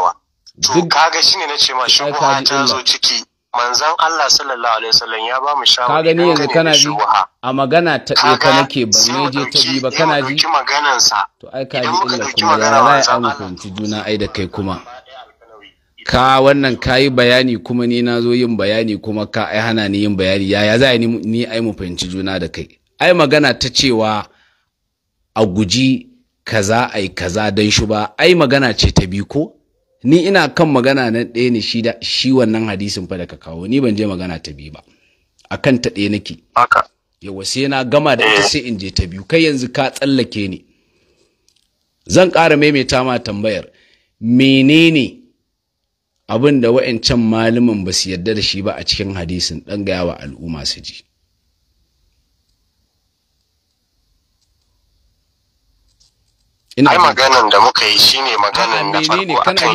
to kaga na ce ma shubha ta zo ciki manzon Allah sallallahu alaihi wasallam ya ba mu shawara kaga ni yanzu kana ji a magana ta ɗaya ka nake ban ne je ta bi ba kana ji to ai ka ji illa kuma ya rai an hukunci juna ai da kai kuma ka wannan ka yi bayani kuma ni na zo yin bayani kuma ka ai hana ni yin bayani yaya za ni ai mu fahimci juna da kai ai magana ta cewa a guji kaza ai kaza dan shi ba ai magana ce ta biyu ko ni ina kan magana nan ɗaya ne shi da shi wannan hadisin fa da ka kawo ni ban je magana ta bi ba akan ta ɗaya nake aka yawa sai na gama da ita eh. sai in je ta biyu kai yanzu ka tsallake ni zan ƙara maimaita ma tambayar menene abin da wa'ancan malamin ba su yarda da shi ba a cikin hadisin ɗan gaya wa al'umma su ji ina ai maganan da muka yi shine maganan na farko akan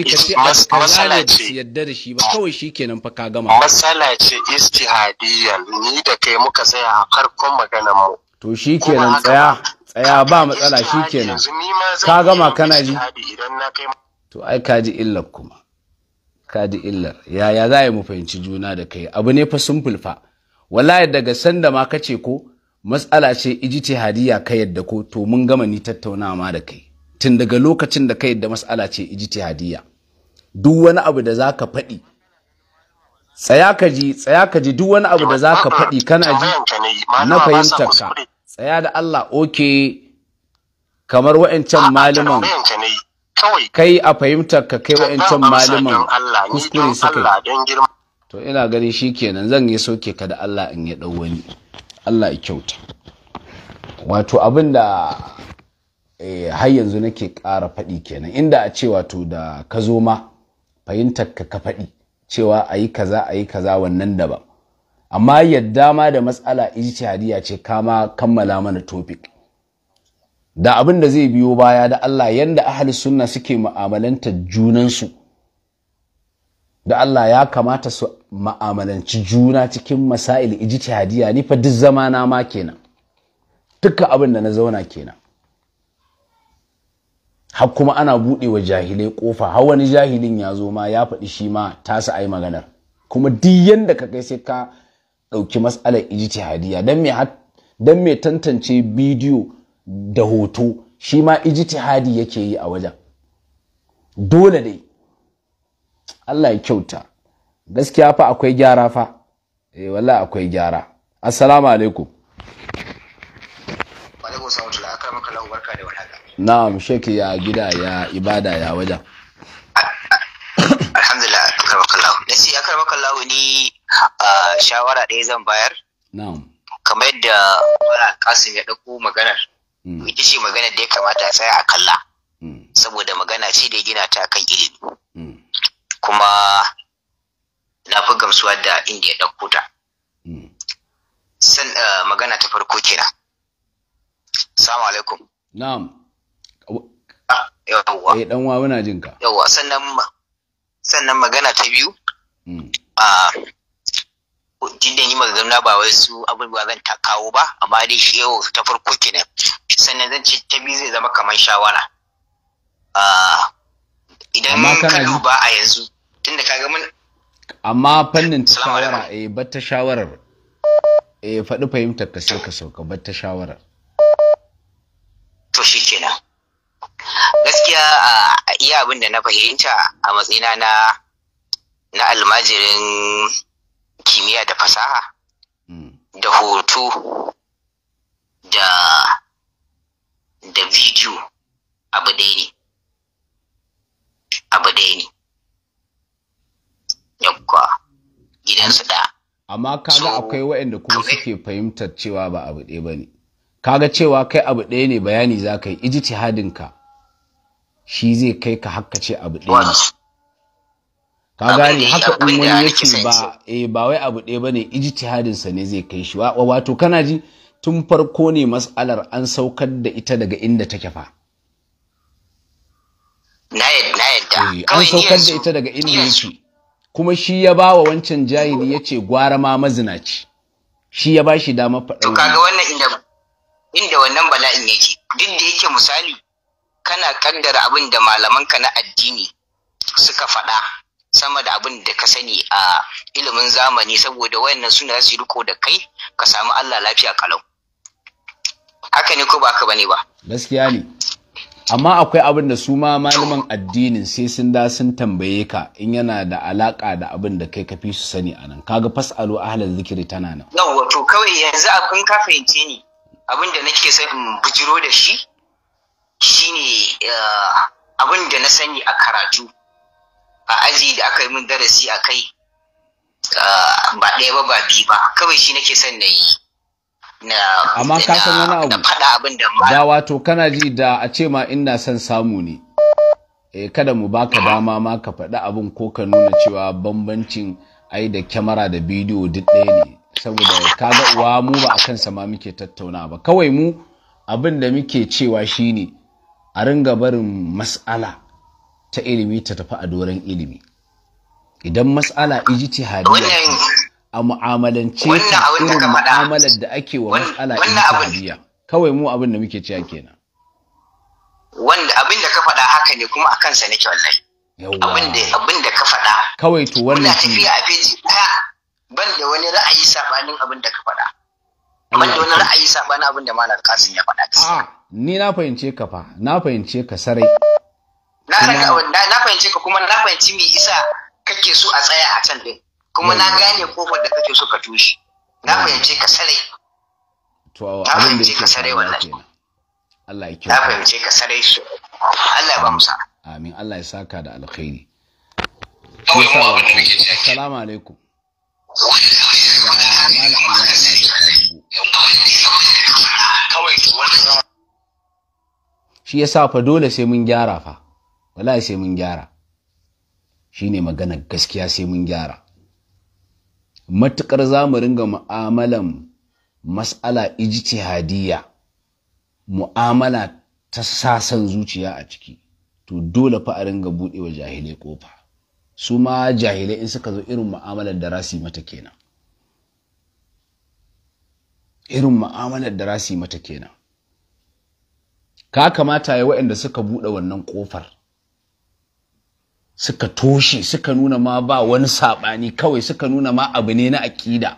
masala ce yadda da shi ba kawai shikenan fa ka gama masala ce istihadiyan ni da kai muka tsaya a farkon maganan mu to shikenan tsaya tsaya ba matsala shikenan ka gama kana ji to ai ka ji illar kuma ka ji illar yaya za mu fahimci juna da kai abu ne fa simple fa wallahi daga sanda ma kace ko matsala ce ijtihadiyya ka yadda ko to mun gama ni tattaunawa ma da kai tun daga lokacin da ka yadda mas'ala ce ijtihadiyya duk wani abu da zaka faɗi tsaya ka ji tsaya ka ji duk wani abu da zaka faɗi kana ji na fahimtar ka tsaya da Allah oke kamar wa'ancan malaman kai a fahimtar ka kai wa'ancan malaman kuskure suka to ina ganin shikenan zan yi soke ka da Allah in ya ɗau wani Allah ya kyauta wato abin da Eh, har yanzu nake ƙara faɗi kenan inda a cewa to da ka zo ma fahimtar ka faɗi cewa a yi kaza a yi kaza wannan daban amma yadda ma da matsala hadiya ce kama kammala mana topic da abin da zai biyo baya da Allah yanda ahli sunna suke mu'amalantar junansu da Allah ya kamata su mu'amalanci juna cikin masail ijtihadiyya ni fa duk zamana ma kenan duka abin da na zauna kenan har kuma ana buɗe wa jahilai ƙofa har wani jahilin ya zo ma ya faɗi shi ma tasa ai maganar kuma duk yanda ka kai sai ka ɗauki matsalar ijtihadiyya dan me mai tantance bidiyo da hoto shi ma ijtihadi yake yi a wajen dole dai Allah ya kyauta gaskiya fa akwai gyara fa eh wallahi akwai gyara assalamu alaikum na'am sheki ya gida ya ibada ya wajen alhamdulillah karbakallahu na ce ya karbakallahu ni shawara ɗaya zan bayar na'am kamar yadda wani kasim ya ɗauko maganar hmm. ita ce maganar da ya kamata a tsaya a kalla hmm. saboda magana ce da gina ta kan ilimi hmm. kuma na fi gamsuwa da inda ya ɗauko ta san eh, magana ta farko kenan salamu alaikum na'am Ah, yawwa eh dan wawa na jin ka yawwa sannan sannan magana ta biyu hmm. a tun da ni na ba wai su abubuwa zan ta kawo ba amma dai shi yau ta farko kenan sannan zan ce ta biyu zai zama kamar shawara idan ka duba a yanzu tunda kaga mun amma fannin ta shawara eh bar ta shawarar eh faɗi fahimtar ka sai ka sauka bar ta shawarar to shikenan gaskiya a iya abin da na fahimta a matsina na na almajirin kimiyya da fasaha hmm. da hoto da da bidiyo abu ɗaya ne abu ɗaya ne yakwa gidansu ɗaya amma kaga akwai waɗanda kuma suke fahimtar cewa ba abu ɗaya ba ne kaga cewa kai abu ɗaya ne bayani za ka yi ijtihadinka shi zai kai ka haka ce abu ɗaya ne ka gane haka in wani yake ba eh ba wai abu ɗaya bane ijtihadin sa ne zai kai shi wato kana ji tun farko ne mas'alar an saukar da ita daga inda take fa na yadda eh, an saukar da ita daga inda yake kuma shi ya ba wa wancan jahili ya ce gwara ma mazinaci shi ya ba shi damar faɗa to kaga wannan inda inda wannan bala'in yake duk da yake misali kana kaddara abin da malamanka na addini suka faɗa sama da abin da ka sani a ilimin zamani saboda wayannan suna su riko da kai ka samu Allah lafiya kalau haka ne ko ba ka bane ba gaskiya ne amma akwai abin da su ma malaman addinin sai sun da sun tambaye ka in yana da alaka da abin da kai ka fi su sani anan kaga fasalu ahlal zikiri tana nan yawa to kawai yanzu abin ka fahimce ni abin da nake son in bujiro da shi shine uh, abin da na sani a karatu a aji da aka yi min darasi a kai uh, ba ɗaya ba ba biyu ba kawai shi nake son na yi amma ka san wani abu faɗa abin da ba wato kana ji da a ce ma ina son samu ne eh kada mu baka dama ma ka faɗi abin ko ka nuna cewa bambancin ai da kyamara da bidiyo duk ɗaya ne saboda kaga uwa mu ba akan sama muke tattauna ba kawai mu abin da muke cewa shine a ringa barin mas'ala ta ilimi ta tafi a doron ilimi idan mas'ala hadiya a mu'amalance ta irin mu'amalar da ake wa mas'ala hadiya kawai mu abin da muke cewa kenan wanda abin da ka faɗa haka ne kuma a kansa nake wallahi abin da abin da ka faɗa kawai to wannan shi tafiya a daya ban da wani ra'ayi sabanin abin da ka faɗa ban da wani ra'ayi sabanin abin da malam kasim ya faɗa gaskiya ni na fahimce ka fa na fahimce ka sarai na na fahimce ka kuma na fahimci me isa kake so a tsaya a can din kuma na gane kofar da kake so ka toshe na fahimce ka sarai to abin da yake sarai wannan. Allah ya kyauta na fahimce ka sarai su Allah ya ba mu sa'a amin Allah ya saka da alkhairi assalamu alaikum shi ya sa fa dole sai mun gyara fa wallahi sai mun gyara shi ne magana gaskiya sai mun gyara matuƙar za mu ringa mu'amalan mas'ala ijtihadiyya mu'amala ta sasan zuciya a ciki to dole fa a ringa buɗe wa jahilai ƙofa su ma jahilai in suka zo irin ma'amalar da rasi mata kenan irin ma'amalar da rasi mata kenan ka kamata ya waɗanda suka buɗe wannan ƙofar suka toshe suka nuna ma ba wani saɓani kawai suka nuna ma abu ne na aƙida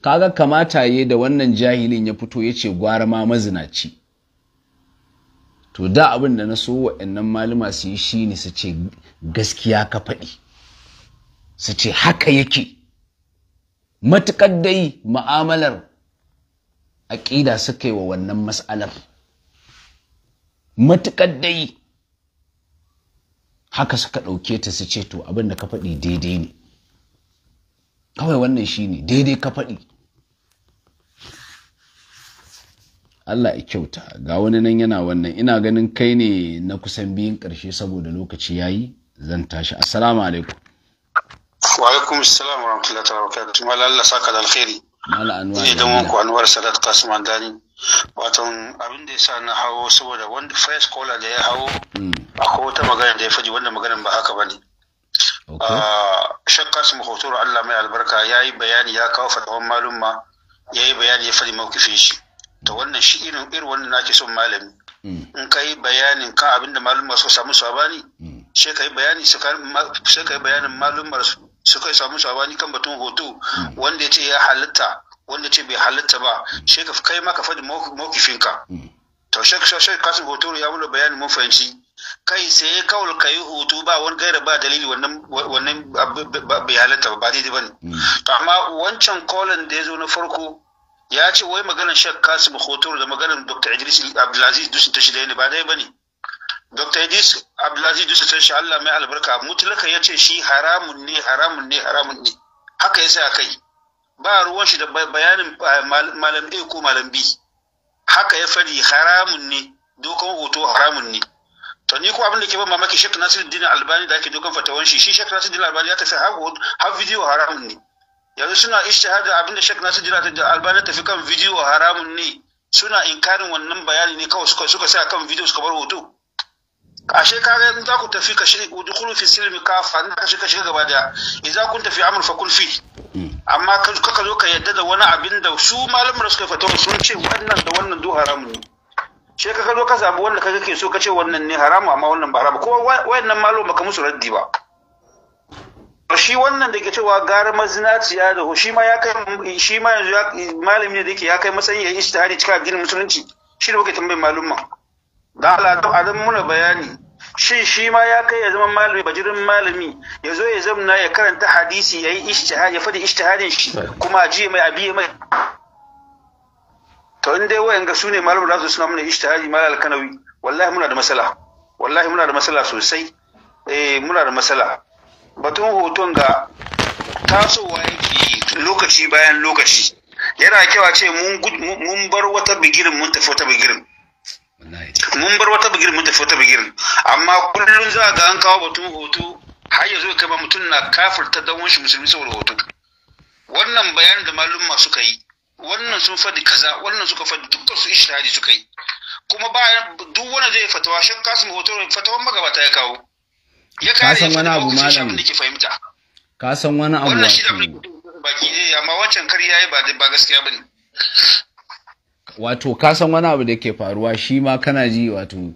Ka ga kamata ya da wannan jahilin ya fito ya ce gwara ma mazinaci to da abin da na so waɗannan malama su yi shi ne su ce gaskiya ka faɗi su ce haka yake matuƙar dai ma'amalar aƙida suka yi wa wannan mas'alar matuƙar dai haka suka ɗauke ta su ce to abin da ka faɗi daidai ne kawai wannan shi ne daidai ka faɗi Allah ya kyauta ga wani nan yana wannan ina ganin kai ne na kusan biyun ƙarshe saboda lokaci ya yi zan tashi assalamu alaikum wa alaikum assalam wa rahmatullahi wa barakatuh mala Allah saka da alkhairi mala anwar ne dan wanku anwar salat qasim andani wato abin da yasa na hawo saboda wanda first caller da ya hawo hmm. akwai wata magana da ya faji wanda maganar ba haka bane ah, shakka su mahotor Allah mai albarka ya yi bayani ya kawo fatawan malumma ya yi bayani ya faɗi mawkifin shi to wannan shi irin irin wannan nake son malami hmm. in ka yi bayanin kan abin da malumma so samu sabani sai ka yi bayani sai ka yi bayanin malumar kai samu sabani kan batun hoto hmm. wanda ya ce ya halitta wanda ce bai halitta ba sai ka kai maka faɗi mokifinka hmm. to shek shek kasu hoto ya wula bayanin mun fahimci kai sai kawul ka yi hoto ba wani gaira ba dalili wannan bai halitta ba ba daidai ba ne hmm. to amma wancan kolon da ya zo na farko ya ce wai maganar shek kasim hoto da maganar dr idris abdulaziz dusun ta shida ne ba dai ba ne Dr. Idris Abdulaziz Dusa tashi Allah mai albarka mutlaka ya ce shi haramun ne haramun ne haramun ne haka ya sa kai ba ruwan shi da bayanin malam A ko malam B haka ya fadi haramun ne dokan hoto haramun ne to ni ko abin da ke ban mamaki Sheikh Nasiruddin Albani da ake dokan fatawan shi shi Sheikh Nasiruddin Albani ya tafi har video haramun ne yanzu suna ishtihadi abin da Sheikh Nasiruddin Albani tafi kan video haramun ne suna inkarin wannan bayani ne kawai suka suka sa kan video suka bar hoto ashe kare in za ku tafi ka shiga udkhulu fi silmi kafa in ka shiga shiga gaba in za kun tafi amul fa kun fi hmm. amma ka zo ka yadda da wani abin da su malamin da suka fata sun ce wannan da wannan du haramun. ne ka zo ka samu wanda ka ke so ka ce wannan ne haramu amma wannan ba haramu ko wayannan malo baka musu raddi ba shi wannan da ke cewa gara mazinaciya da shi ma ya kai shi ma yanzu malami ne da yake ya kai matsayin ya yi ishtihari cikin addinin musulunci shi ne kuke tambayin malumma da alatu to a muna bayani shin shi ma ya kai ya zama malami bajirin malami ya zo ya zamna ya karanta hadisi ya yi ishtihadi ya fadi ishtihadin shi kuma a ji mai abi mai to in dai wayan ga su ne malamu da su suna muna ishtihadi malar kanawi wallahi muna da matsala. wallahi muna da matsala sosai eh muna da matsala. batun hoton ga tasowa yake lokaci bayan lokaci yana kyau a ce mun bar wata bigirin mun tafi wata bigirin mun bar wata bigir mun tafi wata bigir amma kullum za ga an kawo batun hoto har yanzu kai ba mutum na kafirta dan wani musulmi saboda hoto wannan bayanin da malumma suka yi wannan sun faɗi kaza wannan suka faɗi dukkan su ishtihadi suka yi kuma ba duk wanda zai fatawa shan kasim hoto fatawan magabata ya kawo ya kare san wani abu malam ke fahimta ka san wani abu wannan shi da baki eh amma wancan kar yayi ba ba gaskiya bane wato kasan wani abu da ke faruwa shi ma kana ji wato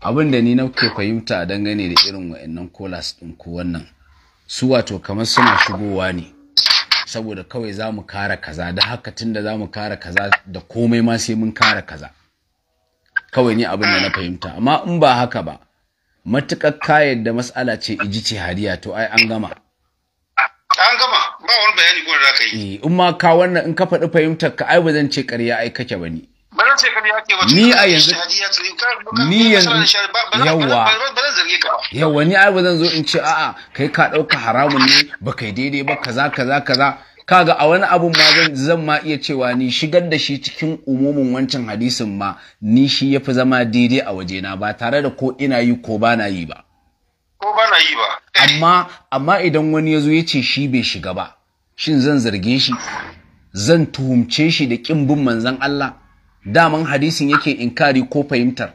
abin da ni na ke fahimta dangane da irin wa'annan kolas ɗin ko wannan su wato kamar suna shigowa ne saboda kawai za mu kara kaza da haka tun da za mu kara kaza da komai ma sai mun kara kaza kawai ni abin da na fahimta amma in ba haka ba matuƙar kayan da matsala ce iji ce hariya to ai an gama wani bayani ko da ka yi. Eh, in ma ka wannan in ka faɗi fahimtar ka ai ba zan ce ƙarya ai kake ba ni. Ba zan ce ƙarya ke ba. Ni a yanzu. Ni yanzu. yawa Ba ni ai ba zan zo in ce a'a kai ka ɗauka haramun ne ba kai daidai ba kaza kaza kaza. kaga a wani abun ma zan ma iya cewa ni shigar da shi cikin umumin wancan hadisin ma ni shi ya fi zama daidai a wajena ba tare da ko ina yi ko ba na yi ba ko ba na yi ba amma amma idan wani ya zo ya ce shi bai shiga ba shin zan zarge shi zan tuhumce shi da ƙin bin manzan Allah daman hadisin yake inkari ko fahimtar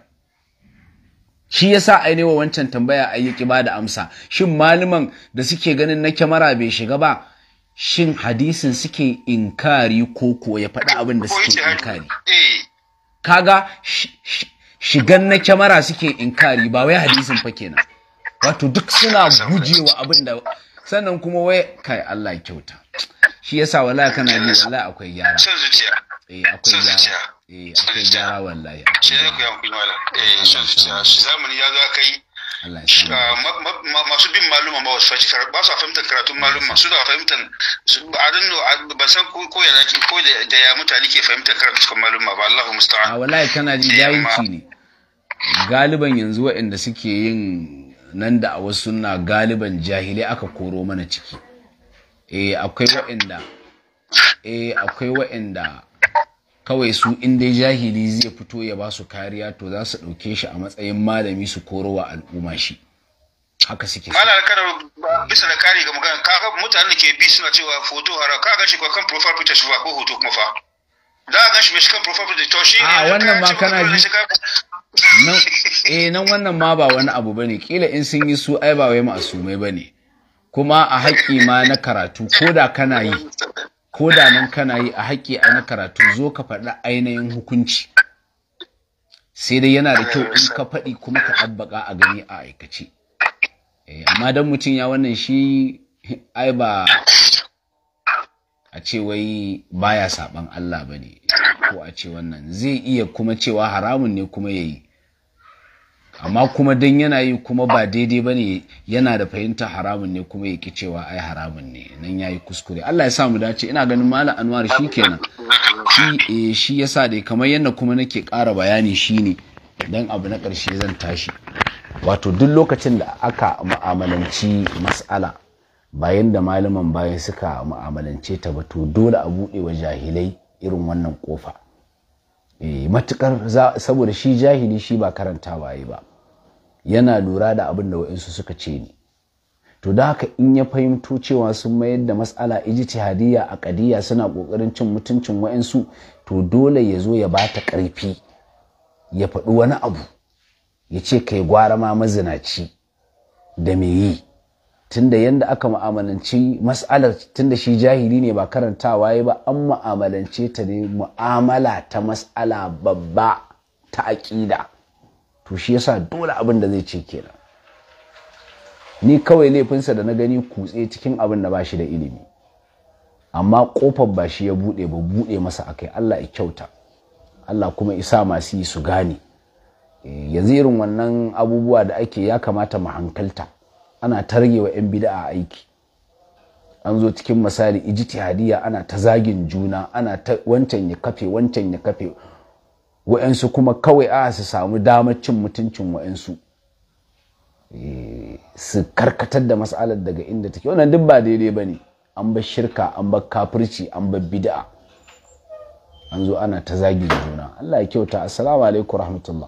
shi yasa ai ne wa wancan tambaya ayyuki ba da amsa shin maliman da suke ganin na kyamara bai shiga ba shin hadisin suke inkari ko ko ya faɗi abin da suke inkari kaga shigan na kyamara suke inkari ba wai hadisin fa kenan wato duk suna gujewa abin da sannan kuma wai kai Allah kyauta shi yasa wallahi kana ji wallahi akwai gyara sun zuciya eh akwai gyara eh akwai gyara wallahi shi zai ku yankun wala eh sun zuciya shi zamani ya zo kai ah, masu bin maluma ba wasu ba su fahimtar karatun maluma su da fahimtar adin ba san ko ya zaki ko da ya mutane ke fahimtar karatun maluma ba Allahu musta'an ah, wallahi kana ji jahilci ne galiban yanzu waɗanda suke yin nan da a wasu na galiban jahilai aka koro mana ciki eh akwai wa'inda eh akwai wa'inda kawai su in dai jahili zai fito ya ba su kariya to za su ɗauke shi a matsayin malami su koro wa al'umma shi haka suke mala kada bisa da kari ga magana kaga mutanen da ke bi suna cewa foto hara kaga shi kan profile picture shi ba ko hoto kuma fa za a gan shi mai shi kan profile picture to shi ne wannan ma kana ji eh nan wannan ma ba wani abu bane kila in sun yi su ai ba wai ma'asumai bane kuma a haƙƙi ma na karatu ko da kana yi ko da nan kana yi a haƙƙi a na karatu zo ka faɗi ainihin hukunci sai dai yana da kyau in ka faɗi kuma ka ɗabbaƙa a gani a aikace eh, amma dan mutum ya wannan shi ai ba a ce wai baya saɓan Allah ba ko a ce wannan zai iya kuma cewa haramun ne kuma ya yi amma kuma don yana yi kuma ba daidai ba ne yana da fahimta haramun ne kuma ya ki cewa ai haramun ne nan ya yi kuskure Allah ya samu dace ina ganin malam anwar shi kenan eh, shi ya sa dai kamar yadda kuma nake ƙara bayani shi ne don abu na ƙarshe zan tashi wato duk lokacin da aka ma'amalanci matsala bayan da malaman bayan suka mu'amalance ta ba to dole a buɗe wa jahilai irin wannan kofa eh, matukar saboda shi jahili shi ba karanta waye ba yana lura da abin da wa'insu suka ce ni to da haka in ya fahimto cewa sun mayar da matsala ijtihadiyya a ƙadiyya suna ƙoƙarin cin mutuncin wa'insu to dole ya zo ya ba ta ƙarfi ya faɗi wani abu ya ce kai gwara ma mazinaci da me yi tunda yanda aka mu'amalanci mas'alar tunda shi jahili ne ba karantawa ya ba an mu'amalance ta ne mu'amala ta mas'ala babba ta aƙida to shi yasa dole abin da zai ce kenan ni kawai laifinsa da na gani kutse cikin abin da ba shi da ilimi amma kofar ba shi ya buɗe ba buɗe masa akai Allah ya kyauta Allah kuma isa masu yi su gane eh, yanzu irin wannan abubuwa da ake ya kamata mu hankalta ana ta rage wa 'yan bida'a aiki an zo cikin misali ijtihadiyya ana ta zagin juna ana ta wancan ya kafe wancan ya kafe wa'ansu kuma kawai a su samu damar cin mutuncin wa'ansu eh, su karkatar da matsalar daga inda take wannan duk ba daidai ba ne an bar shirka an bar kafirci an bar bid'a an zo ana ta zagin juna Allah ya kyauta assalamu alaikum rahmatullah